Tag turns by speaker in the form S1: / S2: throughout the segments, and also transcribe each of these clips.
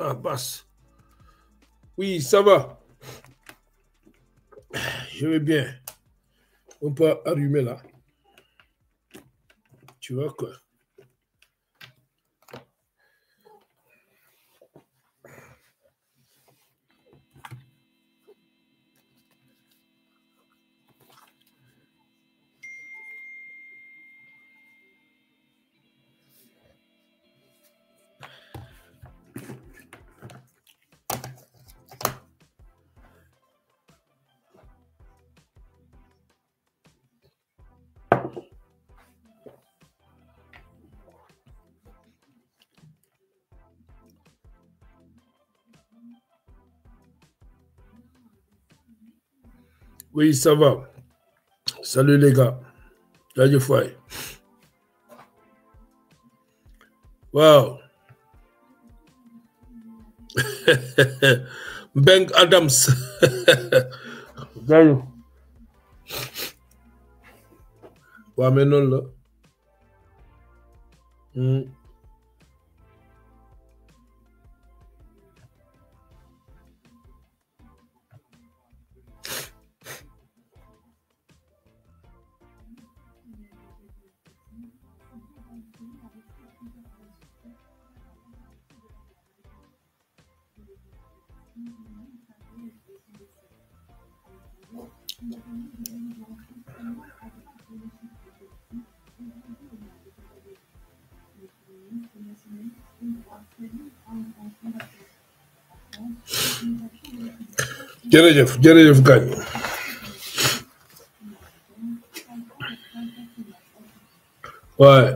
S1: Ah, basse. Oui, ça va. Je vais bien. On peut allumer là. Tu vois quoi? Oui, ça va. Salut les gars. Radio Wow. ben Adams. Ouais, mais non, là. jërëjëf jërëjëf gaañ waaye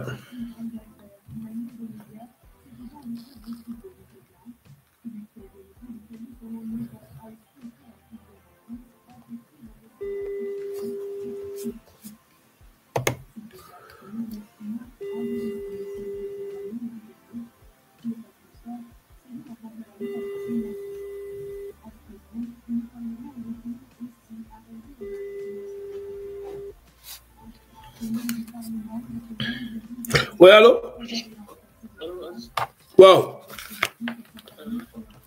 S1: oui waaw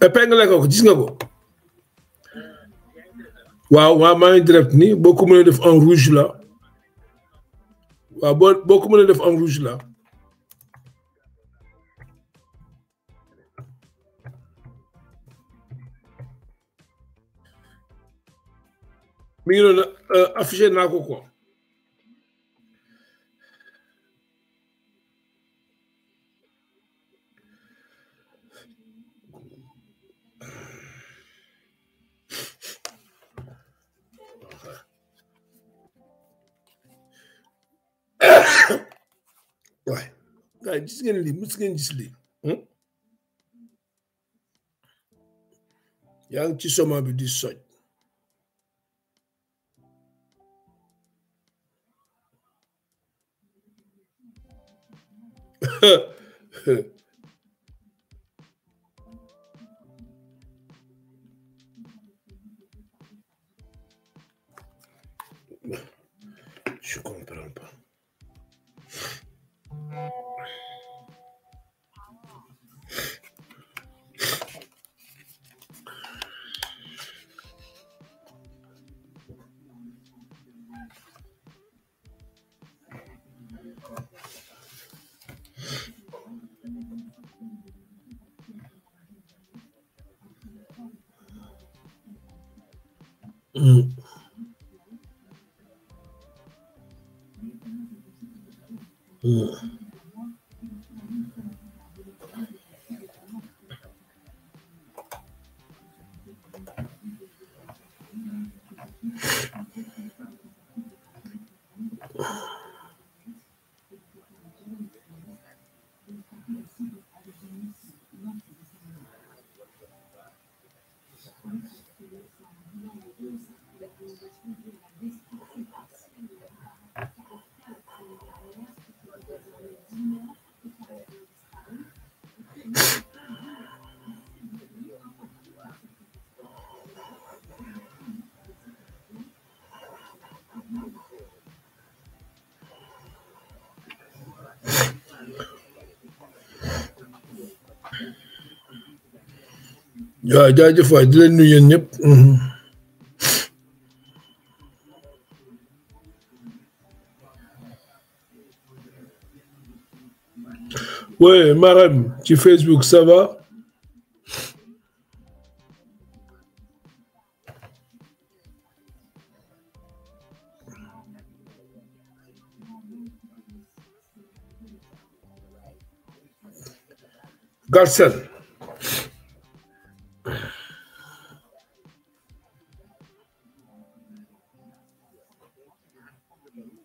S1: épingle ko gis nga ko waaw waaw maa ngi direct ni boo mënee def en rouge la waaw boo def en rouge la mi ngi noonu eh, affiché ko gars yi gis ngeen lii mus ngeen gis lii yaa ngi ci soma bi di Je comprends pas.
S2: 嗯，嗯。
S1: Ya, da de faydalar nu yen yap. Ouais, Marem, tu Facebook, ça va Garcelle. Mm-hmm.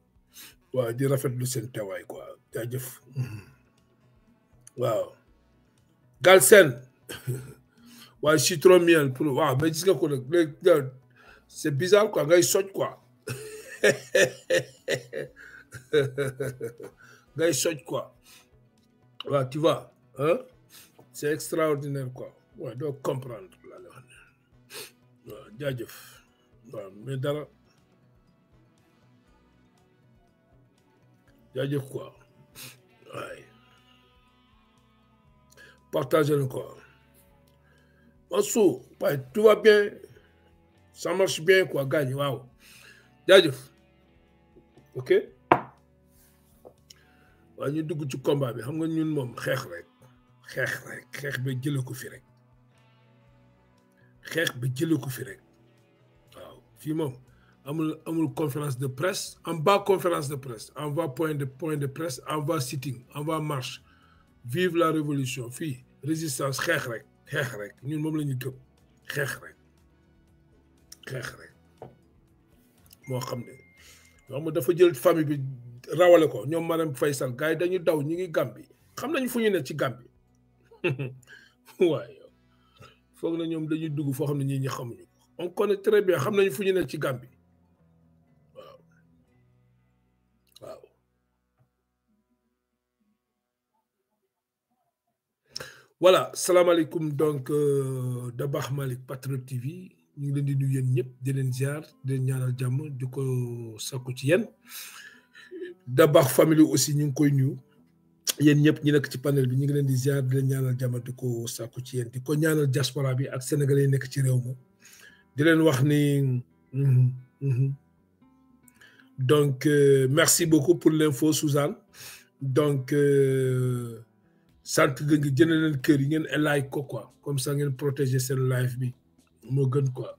S1: waaw di rafetlu seen teewaay quoi jaajëf waaw Galsen waaye citron miel pour waaw mais gis nga ko nag léegi c'est bizarre quoi ngay soj quoi ngay soj quoi waaw tu vois hein c'est extraordinaire quoi waaw doo comprendre la waaw jaajëf waaw mais dara dit quoi partagez le quoi tout va bien ça marche bien quoi gagne waaw ok Je ñu ci combat bi xam nga ñun xeex rek xeex ba jël ko fi rek ba ko fi rek waaw amul amul conférence de presse en bas conférence de presse en envoie point de point de presse en envoie sitting en envoie marche vive la révolution fi, résistance xeex rek xeex rek ñun mom lañu ñu gëm xeex rek xeex rek moo xam ne xam dafa jël famille bi rawale ko ñoom Marème Faye Sall gars yi dañu daw ñu ngi Gambi, xam nañu fu ñu ne ci Gambi. waaye foog na ñoom dañu dugg foo xam ne ñii ñi xamuñu ko on connaît très bien xam nañu fu ñu ne ci Gàmbi voilà salam alaikum donc euh, d'abord Malik, Patriot TV nous leen di de di leen ziar di aussi nous koy ni la ñi panel bi leen di ziar di leen ko sakku ci di ko ñaanal diaspora bi ak sénégalais ni mhm, mhm. donc euh, merci beaucoup pour l'info Suzanne donc. Euh, sant da nga jënd kër yi ngeen laaj ko quoi comme ça ngeen protéger seen life bi moo gën quoi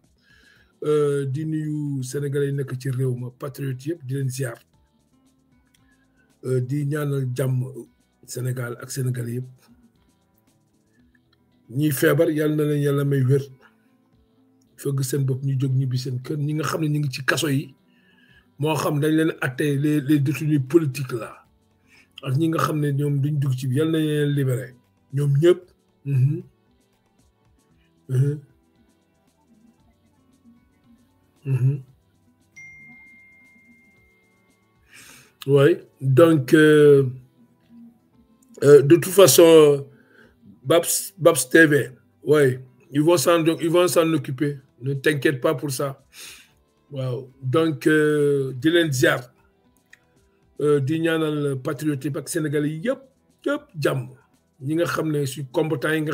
S1: euh, di nuyu sénégalais yi nekk ci réew ma patriote yëpp di leen ziar euh, di ñaanal jàmm Sénégal ak sénégalais yëpp ñiy feebar yàlla na leen yàlla may wér fëgg seen bopp ñu jóg ñibbi seen kër ñi nga xam ne ñu ngi ci kaso yi moo xam dañ leen attee les les détenus politiques là ak ñi nga xam ne duñ dugg ci yalla nañ leen libéré ñom ñëpp mhm. Mhm. Mhm. ouais donc euh, euh, de toute façon Babs Babs TV ouais ils vont s'en ils vont s'en occuper ne t'inquiète pas pour ça waouh donc euh, di leen ziar euh, di ñaanal patriote sénégalais yépp yëpp jàmm ne combattant yi nga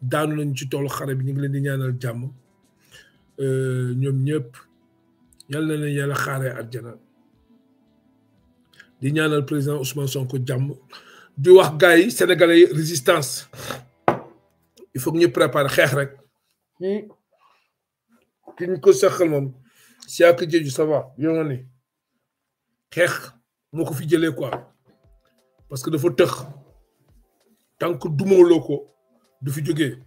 S1: daanu ci bi ngi leen di ñaanal euh, ñëpp na président Ousmane Sonko jàmm di wax sénégalais résistance il faut que ñu préparer xeex rek hmm. ko saxal moo ko fi jëlee quoi parce que dafa tëx tant que dumooloo loko du fi jógee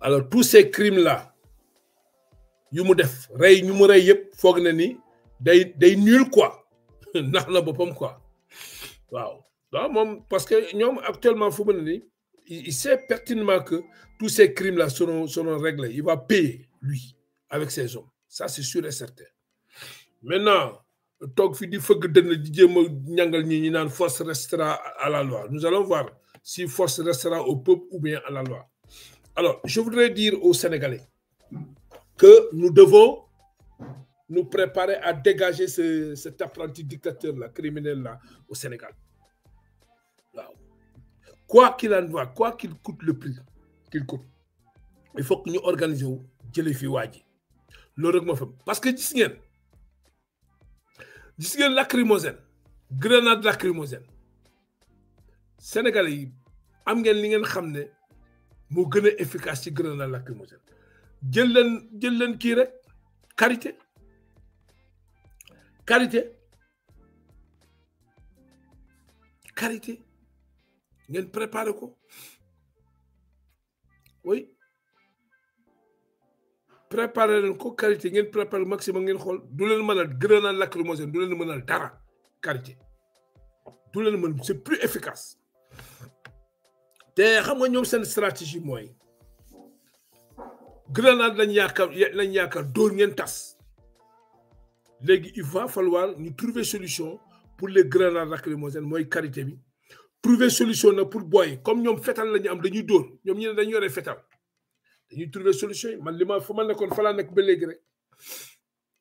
S1: alors tous ces crimes là yu mu def ray ñu mu rey yëpp foog na ni day day nul quoi nax na boppam quoi waaw waaw parce que ñoom actuellement fu il sait pertinemment que tous ces crimes là seront seront réglés il va payer lui avec ses hommes ça c'est sûr et certain maintenant fi di ñangal force restera à la loi nous allons voir si force restera au peuple ou bien à la loi alors je voudrais dire aux Sénégalais que nous devons nous préparer à dégager ce, cet apprenti dictateur là criminel là au Sénégal quoi qu'il en soit quoi qu'il coûte le prix qu'il coûte il faut que nous organisions wu parce que gis gis ngeen lacrymogène grenade lacrymogène Sénégalais yi am ngeen li ngeen xam ne moo gën a efficace ci grenade lacrymogène jël leen leen kii rek karité karité karité ngeen préparé ko oui préparer une ko qualité ngeen le maximum ngeen xool du leen mën de grenade lacrymogène du leen mënal dara qualité du leen mën c'est plus efficace te xam nga ñoom seen stratégie mooy grenade lañ yaakaar lañ yaakaar dóor ngeen tas il va falloir ñu trouver solution pour les grenades lacrymogènes mooy qualité bi trouver solution pour booy comme ñoom fetal la ñu am dañuy dóor ñoom ñu dañuy trouver solution yi man li ma fu ma nekkoon fa laa nekk ba léegi rek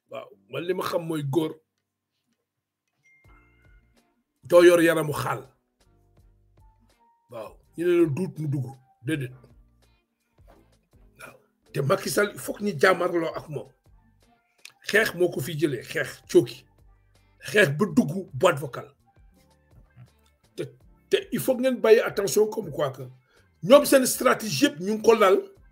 S1: waaw li ma xam mooy góor doo yor yaramu xaal waaw ñu ne la mu dugg déedéet waaw te Macky Sall foog ñu ak moom xeex moo ku fi jëlee xeex cooki xeex ba dugg boîte vocale il faut ngeen bàyyi attention comme quoi que ñoom seen stratégie yëpp ñu ngi ko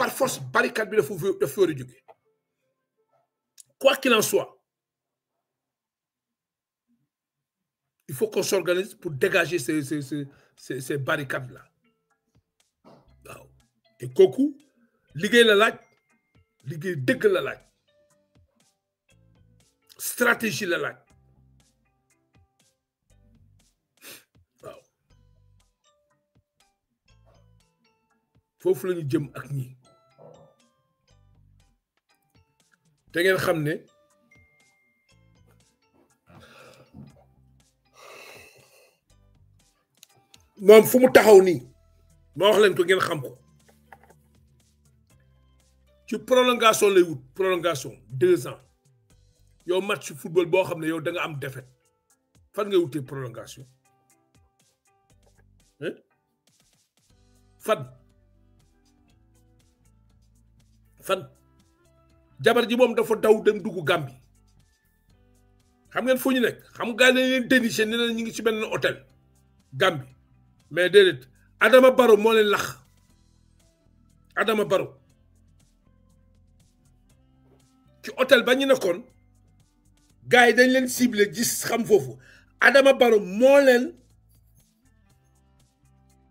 S1: par force barricade de feu, du gué. quoi qu'il en soit il faut qu'on s'organise pour dégager ces barricades là Et cocou liguer la lac, l'iguez dégue la lac. stratégie la lac. faut que djem jëm ak te ngeen xam ne moom fu mu taxaw nii ma wax leen ko ngeen xam ko ci prolongation lay wut prolongation deux ans yow match football boo xam ne yow danga nga am defet fan ngay wutee prolongation fan fan jabar ji moom dafa daw dem dugg Gàmbi xam ngeen fu ñu nekk xam nga dañ leen déniché ne leen ñu ngi ci benn hôtel Gàmbi mais déedéet Adama Barrow moo lax Adama baro ci hôtel ba ñu nekkoon gars yi dañ leen ciblé gis xam foofu Adama Barrow moo leen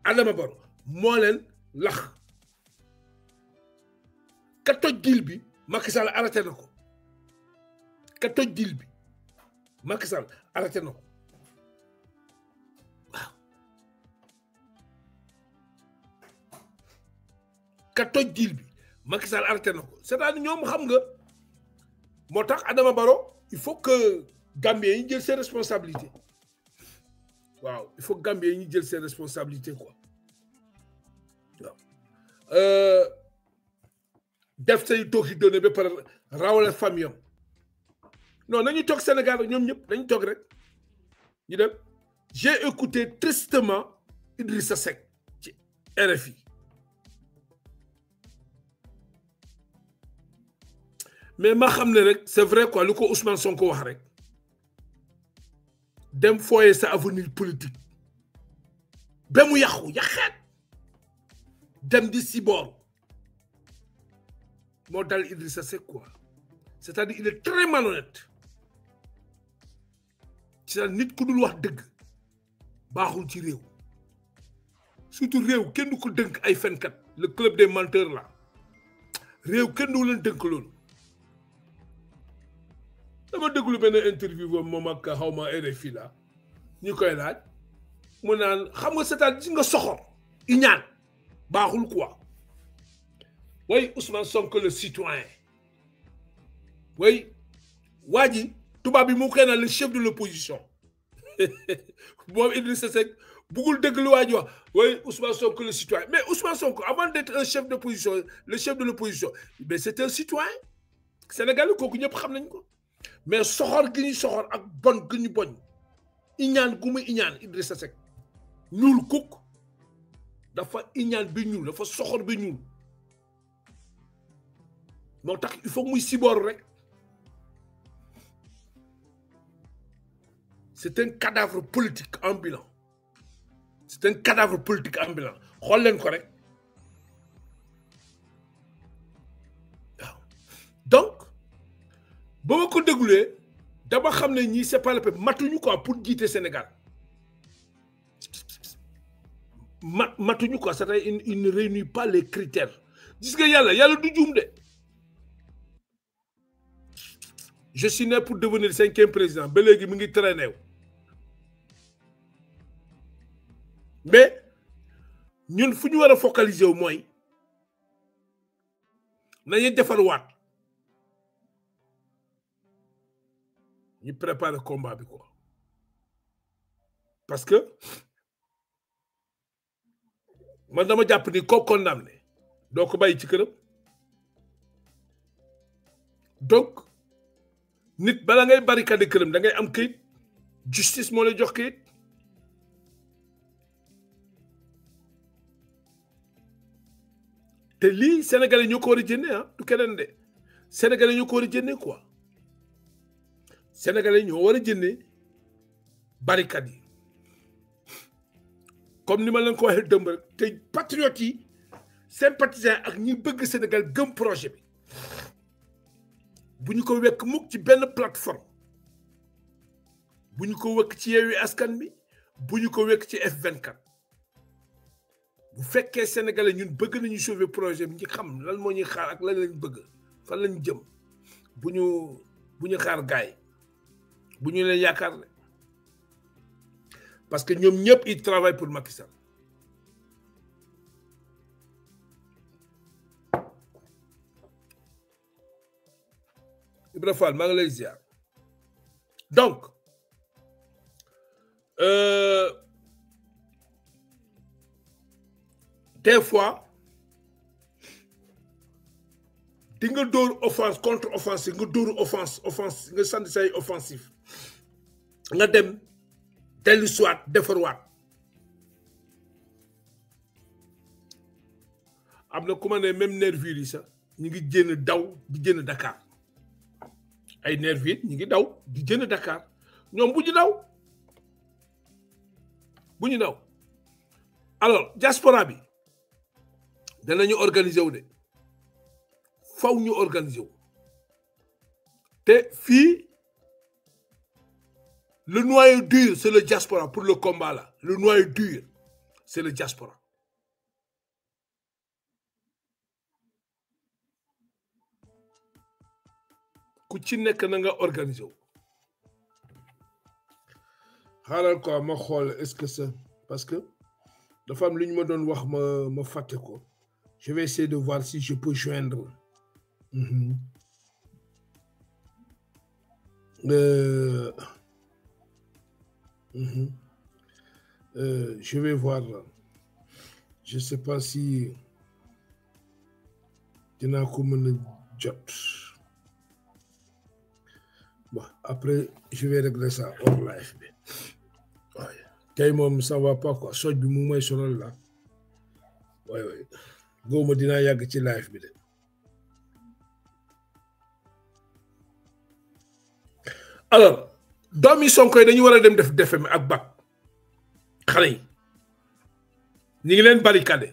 S1: Adama Barrow moo leen lax ka toj dil bi. Macky Sall arrêté na ka toj dil bi Macky Sall arrêté na waaw ka toj dil bi Macky Sall arrêté c'est-à-dire ñoom xam nga motax Adama baro il faut que Gambien yi jël ses responsabilités waaw il faut que Gambien yi jël ses responsabilités quoi waaw. Euh, def say tooki doone ba pare rawale famille non nañu tok Sénégal ñom ñep nañu tok rek ñu dem j'ai écouté tristement Idrissa Seck ci RFI mais ma xamné rek c'est vrai quoi luko Ousmane Sonko wax rek dem foyer sa avenir politique ba mu yàqu yàqaat dem di si moo dal Idrissa c'est quoi c'est-à-dire il est très malhonnête cest un dire nit ku dul wax dëgg baaxul ci réew surtout réew kenn du ko dënk ay fenkat le club des menteurs là réew kenn du leen dënk loolu dama déglu benn interview boobu moom ak xaw ma RFI la ñu koy laaj mu naan xam nga c'est-à-dire si nga soxor i ñaan baaxul quoi oui Ousmane Sonko le citoyen oui Wadi, tout le monde est le chef de l'opposition moom Idriss Seck bugul dëgg lu oui Ousmane Sonko le citoyen mais Ousmane Sonko avant d'être un chef de d'opposition le chef de l'opposition mais c'est un citoyen sénégalais kooku ñëpp xam nañ ko mais soxor gi ñu soxor ak bon gi ñu boñ iñaan gu mu iñaan Idrissa Seck ñuul kukk dafa iñaan bi ñuul dafa soxor bi il faut muy c'est un cadavre politique ambulant c'est un cadavre politique ambulant bilan. donc ba vous dégouler, d'abord, je c'est pas le peuple matuñu quoi pour le Sénégal quoi il ne réunit pas les critères je suis né pour devenir cinquième président Je suis mu ngi traîné mais nous devons nous focaliser au focaliser Nous moins. Nous nous le combat bi parce que man dama suis ni ko condamné Donc, il bàyyi ci donc. nit bala ngay barricade këram da ngay am këyit justice moo lay jox këyit te lii sénégalais ñoo ko war a jëndee ah du keneen de sénégalais ñoo ko war a jëndee quoi sénégalais ñoo war a jëndee barricade yi comme ni ma leen ko waxee dëmb rek te patriotes yi sympathisants ak ñi bëgg Sénégal gëm projet buñ ko wekk mukk ci benn plateforme buñ ko wekk ci Yewwi Askan bi buñ ko wekk ci F24 bu fekkee sénégalais ñun bëgg nañu sauver projet bi ñu xam lan moo ñuy xaar ak lan lañ bëgg fan lañ jëm bu ñu bu ñu xaar gaay bu ñu leen yaakaar parce que ñoom ñëpp ils travaillent pour Macky Sall Ibra Fall ziar donc euh, des fois di nga offense contre offensive nga dóor offense offense nga sànni say offensif nga dem dellu siwaat defarwaat am na ku même nervis yi sax ñu ngi jénn daw di jénn Dakar ay nervi ñi ngi daw di jënd Dakar ñoom bu ñu daw bu ñu daw alors diaspora bi danañu organiser wu de faw ñu organiser wu te fii le noyau dur c'est le diaspora pour le combat là le noyau dur c'est le diaspora ku ci nekk na nga wu xaaral quoi ma xool est-ce que ça parce que dafa femme lu ñu ma doon wax ma ma fàtte ko je vais essayer de voir si je peux joindre mhm. Euh, mhm. Euh, je vais voir je sais pas si dinaa ko mën a jot après je vais régler ça hors live bi waaye tey moom ça va pas quoi soj bi là. may sonal la waay waay góoma dinaa yàgg ci live bi de alors doom yi sonko dañu wara a dem def defem ak bac xale ni ngi len barricade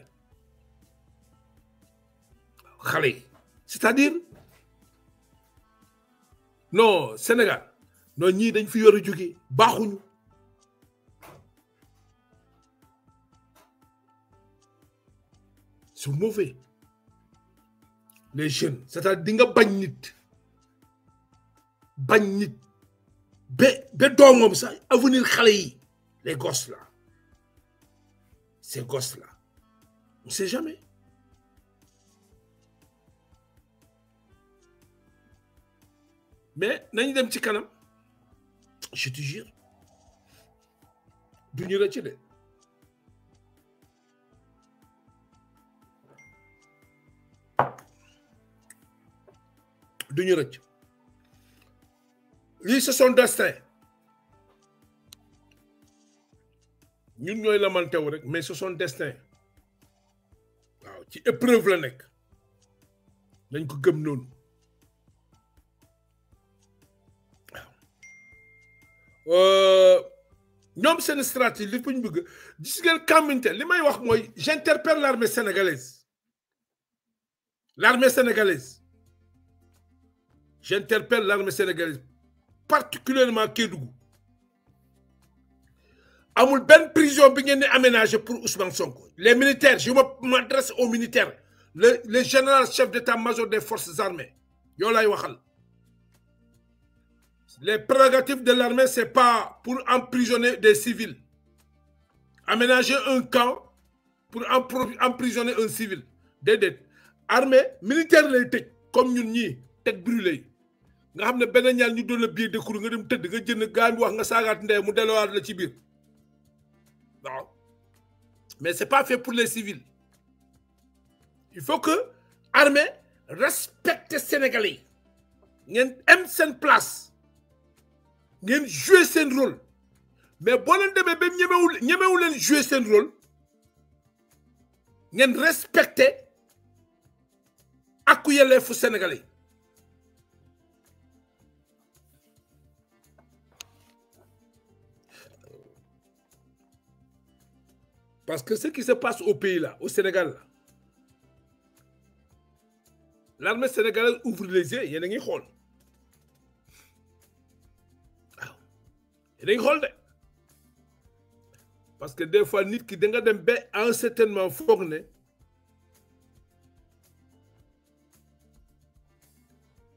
S1: xale c'est-à-dire non Sénégal non ñii dañ fi yor a jóge baaxuñu c'est mauvais les jeunes cest à di nga bañ nit bañ nit be ba doomam sa avenir xalé yi les gosses là ces gosses là on sait jamais mais nañ dem ci kanam je te jure. Bignoletier, de. duñu rëcc lii c'est son destin ñun la lamante wu rek mais ce sont destin waaw ci épreuve la nek. dañ ko gëm noonu Euh, seen stratégie li bëgg li may j'interpelle l'armée sénégalaise l'armée sénégalaise j'interpelle l'armée sénégalaise particulièrement Kédougou amul ben prison bi ngeen aménager pour Ousmane Sonko les militaires je m'adresse aux militaires le général chef d'état-major des forces armées Yola lay les prérogatives de l'armée, ce n'est pas pour emprisonner des civils. Aménager un camp pour emprisonner un civil. Déedéet armée militaire lay tëj comme ñun ñii teg brûlé nga xam ne benn ñaar ñu doon la biir dëkkuru nga dem tëdd nga jënd gaañ wax nga saagaat ndey mu delluwaat la ci biir waaw mais c'est pas fait pour les civils il faut que armée respecte Sénégalais Ils aiment am place ngeen jouer ce rôle mais si leen demee ba ñemewul rôle ngeen respecté les Sénégalais parce que ce qui se passe au pays là au Sénégal l'armée sénégalaise ouvre les yeux y a ngi xool. dañ de parce que des fois nit ki da nga dem ba en certainement foog ne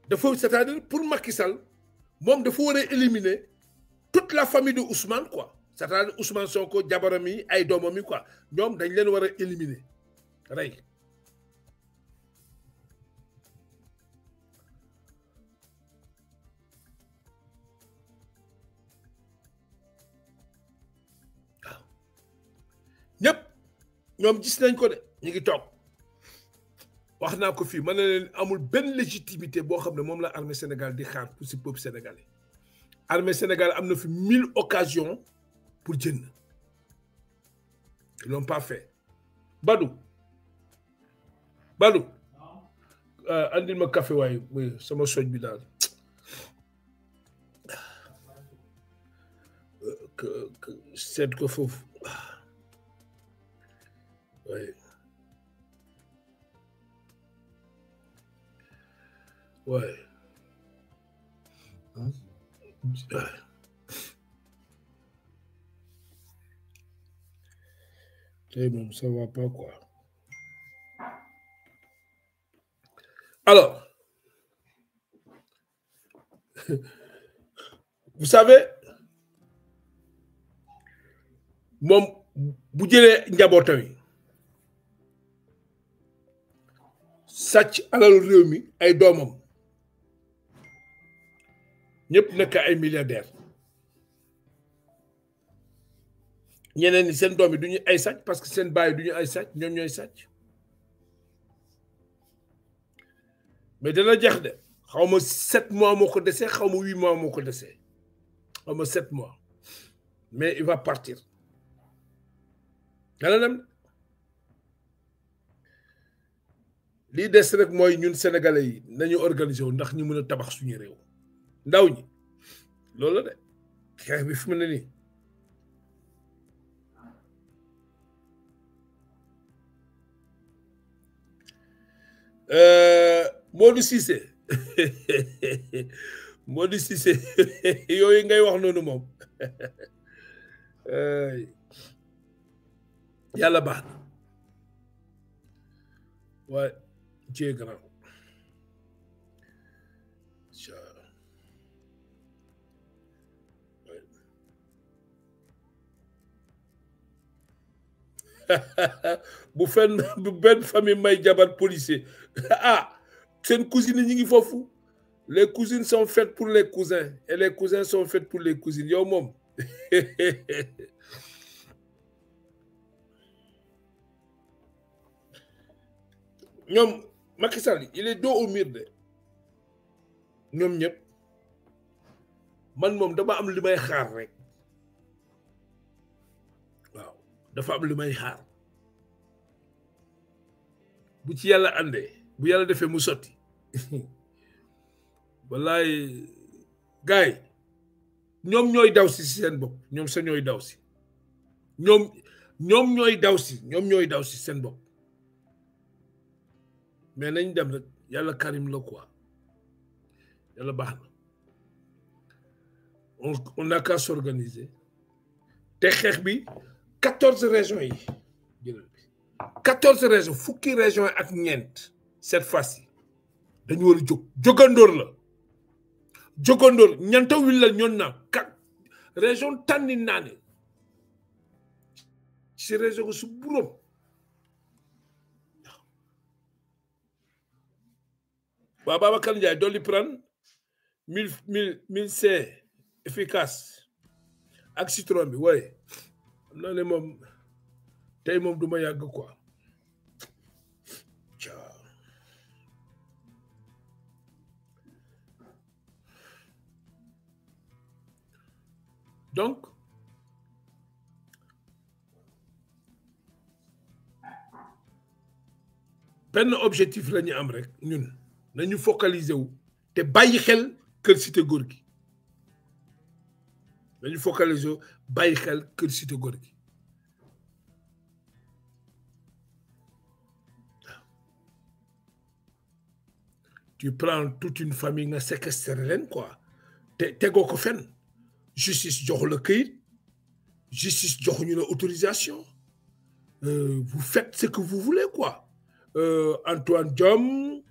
S1: dafa c'est-à-dire pour Macky Sall moom dafa war a éliminer toute la famille de Ousmane quoi c'est-à-dire Ousmane Sonko jabaram yi ay doomam quoi ñoom dañ leen war a éliminer rey ñoom gis nañ ko de ñu ngi toog wax ko fii ma ne leen amul légitimité boo xam ne la armée Sénégal di xaar peuple sénégalais armée Sénégal am fi mille occasions pour jënd ils ont pas fait Badou Badou euh, andil ma café sama soj bi daal euh, seet ko Ouais. Ouais. Hein ouais. Tey moom ça va pas quoi. Alors, vous savez moom bu jëlee njabootam sàcc alal réew mi ay doomam ñëpp nekk ay milliardaire ñeneen ni seen doom yi du ñu ay sàcc parce que seen baay du ñu ay sàcc ñoom ñooy sàcc mais dana jeex de xaw ma sept mois moo ko desee xaw ma huit mois moo ko desee xaw ma sept mois mais il va partir dana dem lii des rek mooy ñun sénégalais yi nañu organiser wu ndax ñu mën a tabax suñu réew ndaw ñi loolu de xeex bi fi mu ne nii euh, Modou Cissé Modou Cissé yooyu ngay wax noonu moom yàlla baax na waaye Dieu est grand. Vous Ouais. vous faites famille may policier ah c'est une cousine qui ngi fou. les cousines sont faites pour les cousins et les cousins sont faites pour les cousines Yo, un homme. Macky Sall il est dos au de ñoom ñëpp man moom dama am li may xaar rek waaw dafa am li may xaar bu ci yàlla àndee bu yàlla defee mu sotti wallaay gars yi ñoom ñooy daw si seen bopp ñoom sa ñooy daw si ñoom ñoom ñooy daw si ñoom ñooy daw si seen bopp mais nañ dem rek yàlla Karim la quoi yàlla baax na on on n'a qu'à s'organiser te xeex bi quatorze régions yi jëlal bi quatorze régions fukki régions ak ñeent cette fois-ci dañu war a jóg jógandoor la jógandoor ñanta wilal la ñoon naa kat région tànni naa ne si région su buróom Baba Kandia Ndiaye Doliprane mille mille 1000 C efficace ak citron bi waaye mom mom quoi ciao donc ben objectif la nañu focaliser wu te bàyyi xel kër cité góor gi nañu focaliser bàyyi xel kër cité góor gi tu prends toute une famille nga séquestre leen quoi te tegoo ko fenn justice joxu le këyit justice joxuñu la autorisation euh, vous faites ce que vous voulez quoi euh, Antoine Diome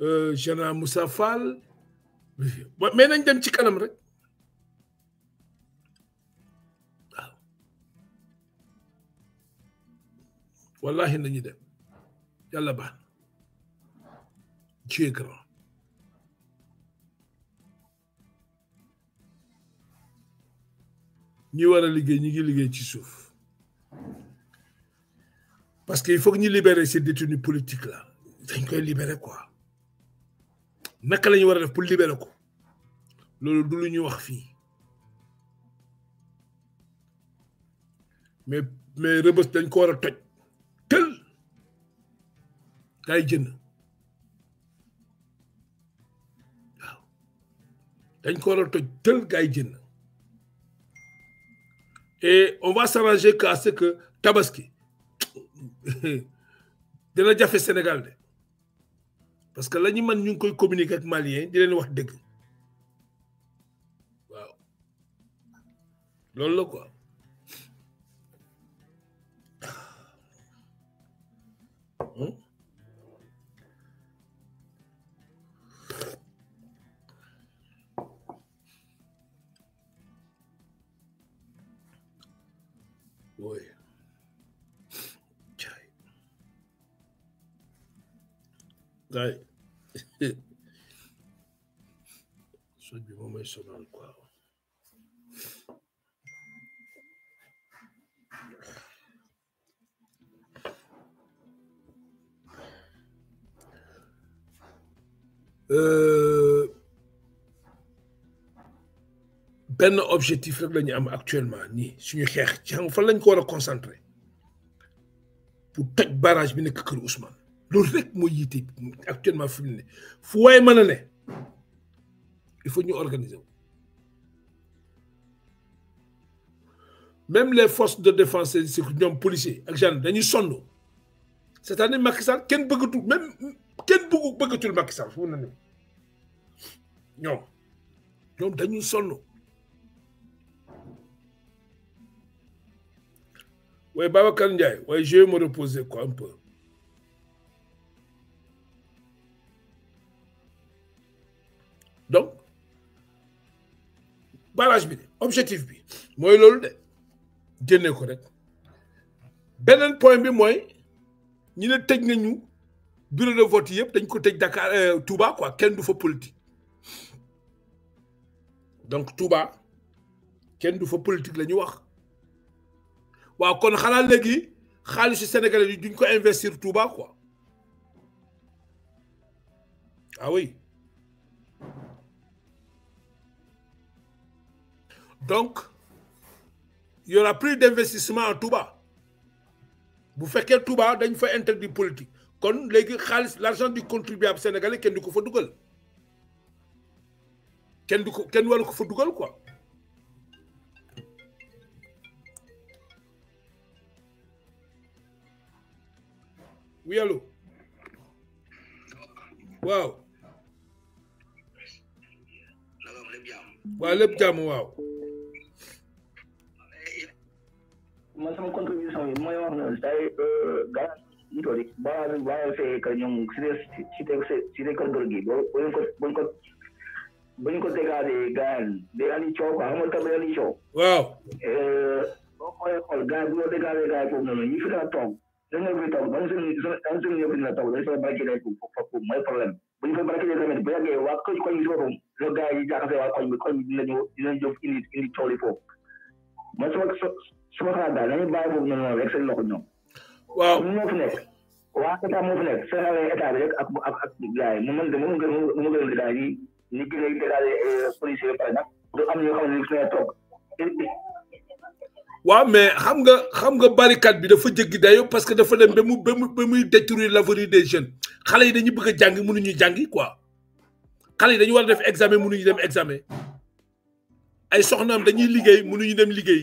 S1: Euh, général Moussa Fall mais nañ dem ci kanam rek waaw wallahi nañu dem yàlla baax Dieu war a liggéey ñi ngi liggéey ci suuf parce que il faut que ñu libérer ces détenus politiques là dañ koy libérer quoi naka lañu wara def pour libérer ko loolu du luñu wax fi mais mais rebeus dañ ko wara toj teul kay jënd dañ ko wara toj teul gay jënd et on va s'arranger qu'à ce que tabaski dina jafé Sénégal de parce que la ñu mën ñu ngi koy communiquer mal malien di leen wax dëgg waaw loolu la quoi Dai. Abbiamo messo dal qua. ben objectif rek la am actuellement ni suñu xex ci xam fan lañ ko wara concentrer pour tej barrage bi nek keur Ousmane loolu rek mooy yitte actuellement filmé. Faut ne fu il faut ñu organiser même les forces de défense et de sécurité ñoom policiers ak gendarme dañuy sonn Cette année, dire Macky Sall même kenn bëggu bëggatul Macky Sall fu mu non, nii ñoom ñoom dañuy sonn waaye Babacar Ndiaye je je me reposer quoi un peu. donc barrage bi objectif bi moy de point bi ne tej nañu bureau de vote yépp dañ ko tej Dakar euh, Touba quoi du politique donc Touba kenn du fa politique lañu wax wa kon investir quoi ah oui Donc, il n'y aura plus d'investissement en tout bas. Vous faites que bas, vous fait interdit politique. Quand l'argent du contribuable sénégalais, qui ne peut pas kenn du ko kenn waru ko Oui. quoi oui le bien, Waouh lépp waouh.
S2: man sama contribution yi mooy wax ne say euh, garage ñu toog di baax baax fee que ñoom si si si si kër góor gi ba ba ñu ko ba ñu ko ba ñu ko dégaadee gars yi day andi coow quoi xam nga tam day andi coow. waaw. Euh, boo xoolee xool gars bu ñu dégaadee gars yi foofu noonu ñu fi la toog dañu la fi toog ba mu seen ba mu seen ñëpp dina toog dañu fa barkelee foofu mooy problème bu ñu fa barkelee tamit bu yàggee waa koñ koñ bi si boppam la gars yi jaxase waa koñ bi koñ bi dinañu dinañu jóg indi indi coow li foofu man sama su ma xalaat daal waaw moo fi nekk. moo euh, fi xam ne mais
S1: xam nga xam nga barricade bi dafa jéggi dayo parce que dafa dem ba mu ba mu des jeunes xale yi dañu bëgg a jàng mënuñu jàngi ko xale yi dañu war def examen mënuñu dem examen ay soxnaam dañuy liggéey mënuñu dem liggéey.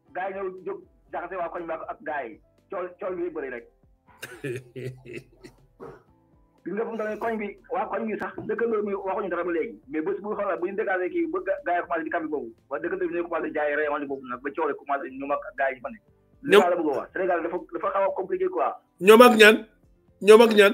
S2: gaa yi ñëw jóg jaxase waa koñ ba ak gaa yi coow coow bi bëri rek. gis nga fu koñ bi waa koñ bi sax dëkkandoo bi waxuñu dara ba léegi mais bés bu xoolal bu ñu dégagé kii ba gaa yi commencé di kàmbi boobu waa dëkkandoo bi ñu commencé jaay rayonnement boobu nag ba coow rek commencé ñoom ak gaa yi ñu fa nekk. a wax Sénégal dafa dafa xaw a compliqué quoi. ñoom ak ñaan
S1: ñoom ak ñaan.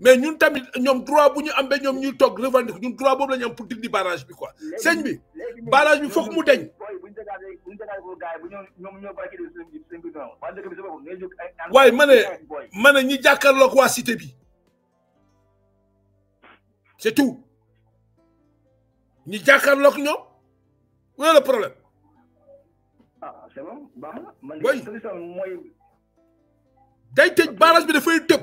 S1: mais ñun tamit ñom droit bu ñu am ba ñuy tok revendique ñun droit bobu la ñu am pour dindi barrage bi quoi sëñ bi barrage bi foog mu deñ waaye ma ne ma ne ñi jàkkaarloog waa cité bi c'est tout ñi jàkkaarloog ñoom wala le problème ah c'est bon ba moy day tëj barrage bi da fay tëb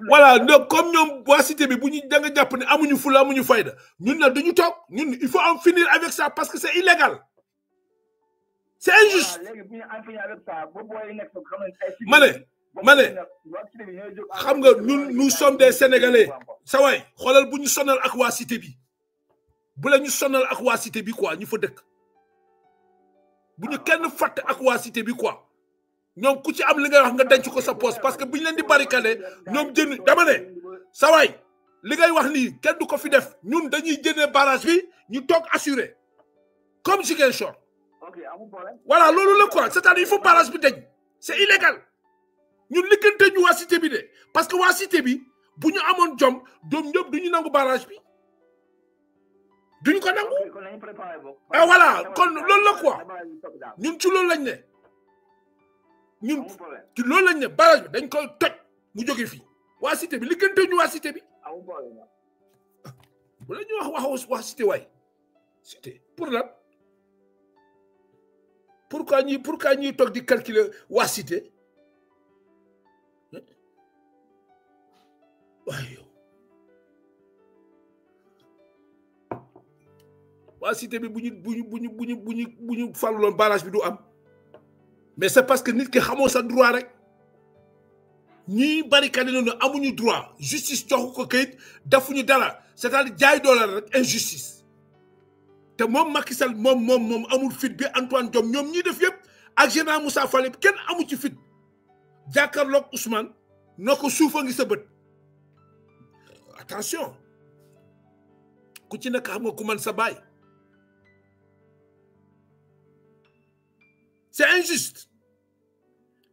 S1: voilà comme nous, waa cité bi buñu da nga japp ne amuñu amuñu fayda ñun la duñu ñun il faut en finir avec ça parce que c'est illégal c'est injuste malé nous sommes des sénégalais ça sonal ak wa cité bi bu la sonal ak cité bi quoi ñu fa dëkk buñu kenn fatte ak wa cité bi quoi ñoom ku ci am li ngay wax nga denc ko sa poste parce que bu ñu leen di barricade ñoom jënd dama ne sawaay li ngay wax ni kenn du ko fi def ñun dañuy jëndee barrage bi ñu toog assuré comme Ziguinchor voilà loolu la quoi c'est-à-dire il faut barrage bi dañ c'est illégal ñun liggante ñu waa cité bi de parce que waa cité bi bu ñu amoon jom doom ñëpp du ñu nangu barrage bi duñu ko nangu ah voilà kon loolu la quoi ñun ci loolu lañ ne Tu ci loolu lañ ne barrage dañ toj cité bi li ñu cité bi la pour lan pourquoi ñuy pourquoi ñuy toog di calculer waa cité hein? yow cité du mais c'est parce que nit ki xamoo sa droit rek ñiy barricade noonu amuñu droit justice joxu ko kayit defuñu dara c'est-à-dire jaay dooleel rek injustice te moom Macky Sall moom moom moom amul fit bi Antoine Diom ñoom ñi def yëpp ak général Moussa Fall kenn amu ci fit jàkkaarloog Ousmane noo ko suufa ngi sa bët attention ku ci nekk xam nga ku man sa baay c'est injuste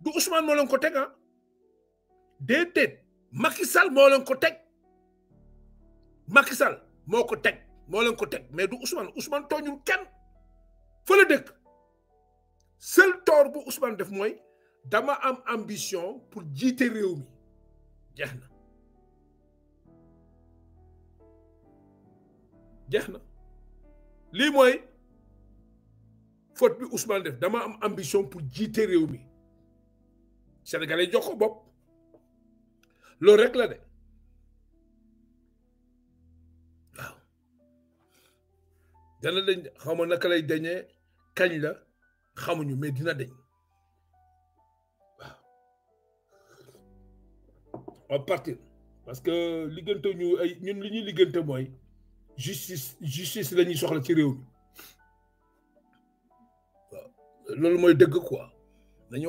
S1: du Ousmane moo leen ko teg ah déedéet Macky moo ko teg Macky Sall moo ko teg moo leen ko teg mais du Ousmane Ousmane tooñul kenn fa la dëkk seul tort bu Ousmane def mooy dama am ambition pour jiite réew mi jeex na na lii mooy faute bi Ousmane def dama am ambition pour jiite réew mi sénégalais jox ko bop loolu rek la de dana dañ naka lay kañ la mais dina waaw On partir parce que liggante ñu ay ñun li justice justice la soxla ci dëgg quoi dañu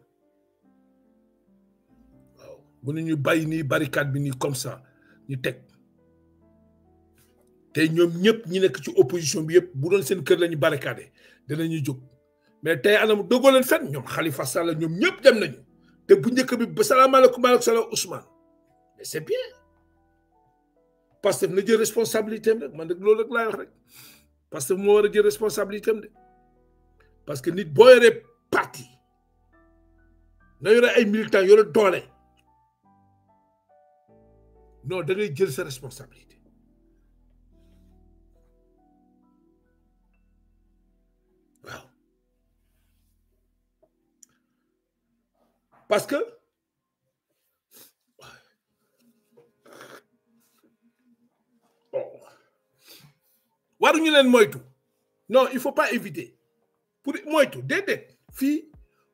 S1: nous avons une barricade comme ça ñu tek té ñom ñëpp ñi nek ci opposition bi yëpp bu doon seen kër la barricader mais tey anam dogo leen une ñom Khalifa nous ñom ñëpp dem nañu té bu bi mais c'est bien parce que ne jël responsabilité man parce que nous wara une responsabilité parce que nit boo parti na yoré ay militants yore non da ngay jël sa responsabilité waaw parce que waruñu leen moytu non il faut pas éviter pour moytu déedéet fii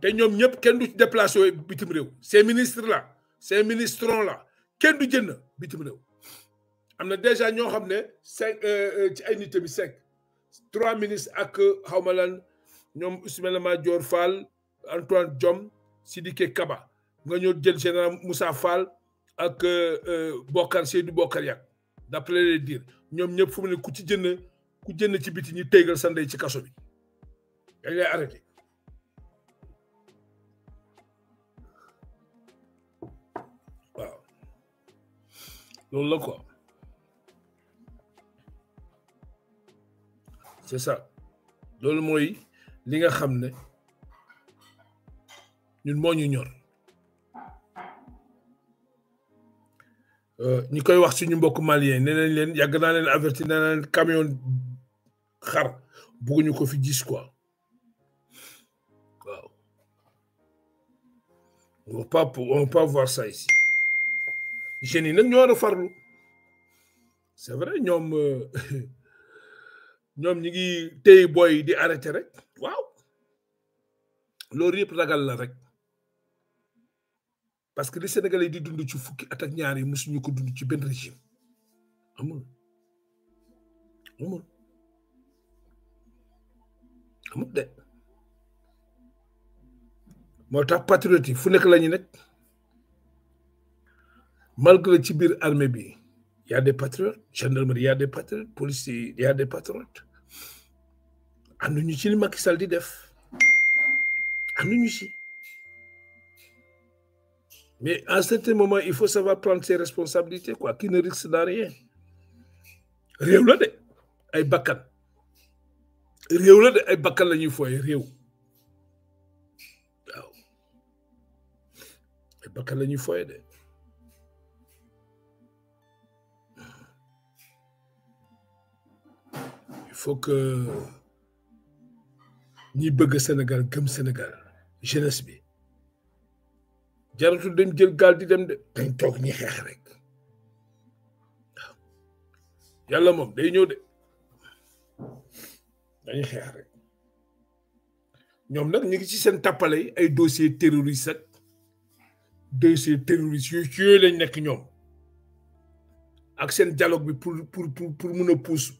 S1: te ñoom ñëpp kenn du ci déplacé bitim réew ces ministres là ces ministrons là kenn du jënd bitim réew amna déjà ñoo xamné ne cinq euh, euh, ci ay nit bi cinq trois ministres ak euh, xawma lan ñoom Ismaïla Madior Fall Antoine Diom Sidiki Kaba nga ñu jël général Moussa Fall ak Bokar Seydou Bokar d'après les dire ñom ñëpp fu mu ne ku ci jënd ku jënd ci biti ñu téygal sa ndey ci kasso bi dañ lay arrêté ça. là, quoi c'est ça le mooy li nga c'est nous sommes ñu ñor euh, ñi koy wax suñu mbokk malien né nañ leen yag naa leen averti na leen camion xar ko fi gis quoi waaw on pas on va pas voir ça ici ñoo c'est vrai ñom euh, ñom ñi ngi téy boy di arrêter rek waaw loolu yëpp ragal la rek parce que les Sénégalais di dund ci fukki at ak ñaar yi mësuñu ko dund ci benn régime amul amul amul de patriote fu nekk la ñu malgré ci bir armée bi y a des patriotes gendarmerie y a des patriotes police il y a des patriotes ànduñu ci li Macky Sall di def ànduñu ci mais à un certain moment il faut savoir prendre ses responsabilités quoi qui ne risque rien réew la dé ay bakkan réew la dé ay bakkan la ñuy fooye réew ay bakkan la ñuy dé faut que ni bëgg Sénégal gëm Sénégal jeunesse bi pas dem jël gal di dem de dañ ñi rek yalla day pas de xex rek ñom nak ñi ci sen tapalé ay dossier terroriste ak ak dialogue bi pour pour pour pour pousse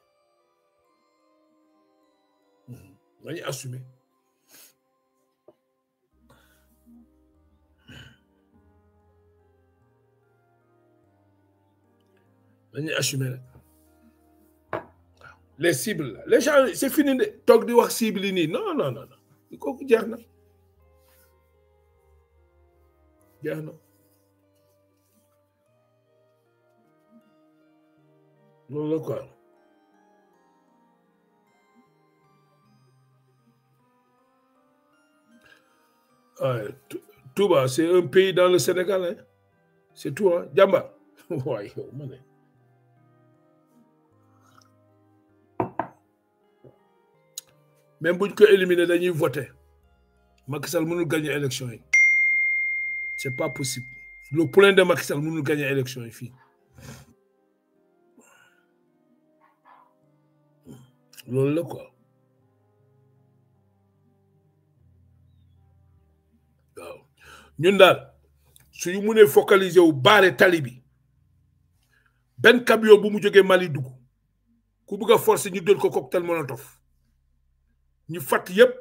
S1: Assumé. assumer. assumer. assumer. Les cibles. Les gens, c'est fini. de Toc de voir cible. Non, non, non, non. Il faut que Diana. Diana. Non, non, quoi. Ah, Touba c'est un pays dans le Sénégal hein c'est tout hein Djamba. même buñ ko éliminer dañuy voter Macky Sall mënul gagner l'élection c'est pas possible le problème de Macky Sall mënul gagner l'élection yi ça quoi ñun dal suñu mune focaliser wu baare talibi ben camion bu mu jógee Mali dugg ku bëgg a ñu dël ko cocktail molotov ñu fàtt yépp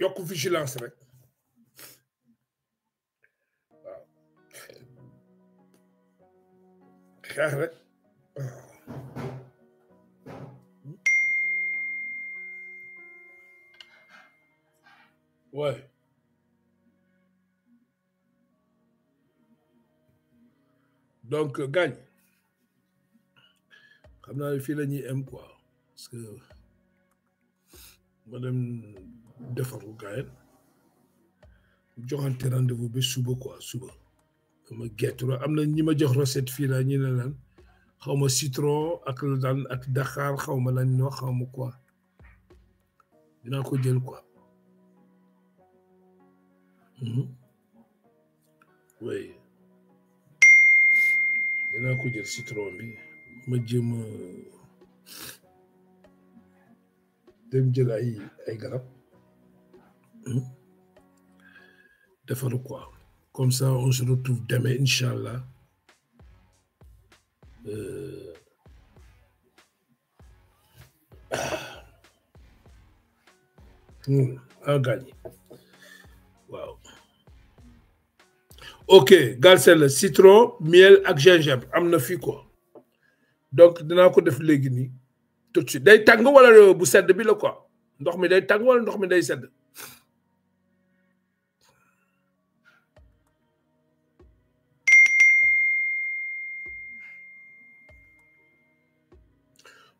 S1: waaw vigilance rek xeex rek Ouais. Donc, euh, gagne. xam naa aime quoi parce que Madame Je defaru Je rendez-vous souba quoi souba. ma Je am jox recette la citron ak le je ak dakar, xawma lan quoi Mm-hmm. way dinaa ko jël citron bi ma jëm dem jël ay ay garab mm-hmm. defaru quoi comme ça on se retrouve demain incha allah
S2: euh.
S1: on a hmm, gagné ok galsel la citron miel et gingembre Amna fi quoi donc dinaa ko def léegi nii tout de suite day tàng wala bu sedd bi la quoi ndox mi day tàng wala ndox mi day sedd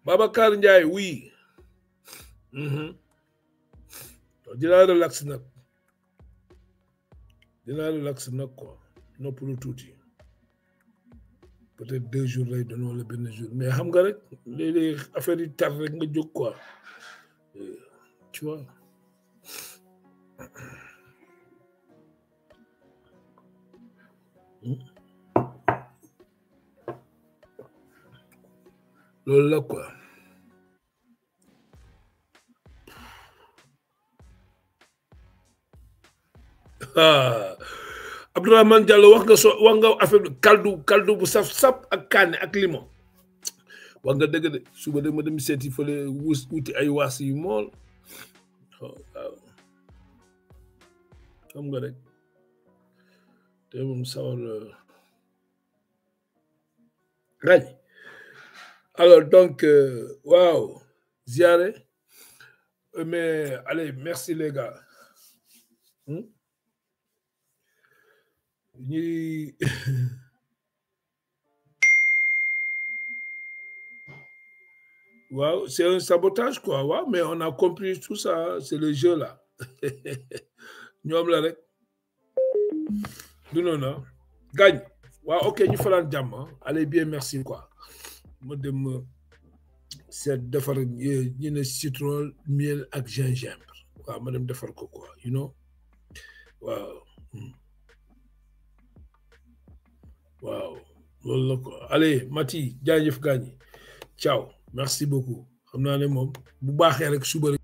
S1: Babacar Ndiaye oui -hmm. dinaa relax nag dinaa relax nag quoi noppalu tuuti peut-être deux jours lay wala benn jour mais xam nga rek léeg yi tar rek nga jóg quoi euh, tu hmm? loolu la quoi. ah. Abdourahmane Diallo wax nga so wax nga affaire kaldu kaldu bu saf sap ak kaane ak limon wax nga deug de suba de ma dem seeti fele wus wuti ay wasi yu mool oh, xam nga rek te moom sawar euh, alors donc waouh ziaré euh, mais allez merci les gars hmm? Wow, c'est un sabotage, quoi. mais on a compris tout ça. Hein. C'est le jeu, là. Nous sommes là. non, non. Gagne. Wow, ok, nous faisons le diamant. Allez bien, merci, quoi. Madame, euh, c'est de faire euh, une citron, miel et gingembre. Wow, madame, de faire quoi, you know? Wow. waaw loolu la ko allez Mati jaajëf gaañi merci beaucoup xam naa ne moom bu baaxee rek suba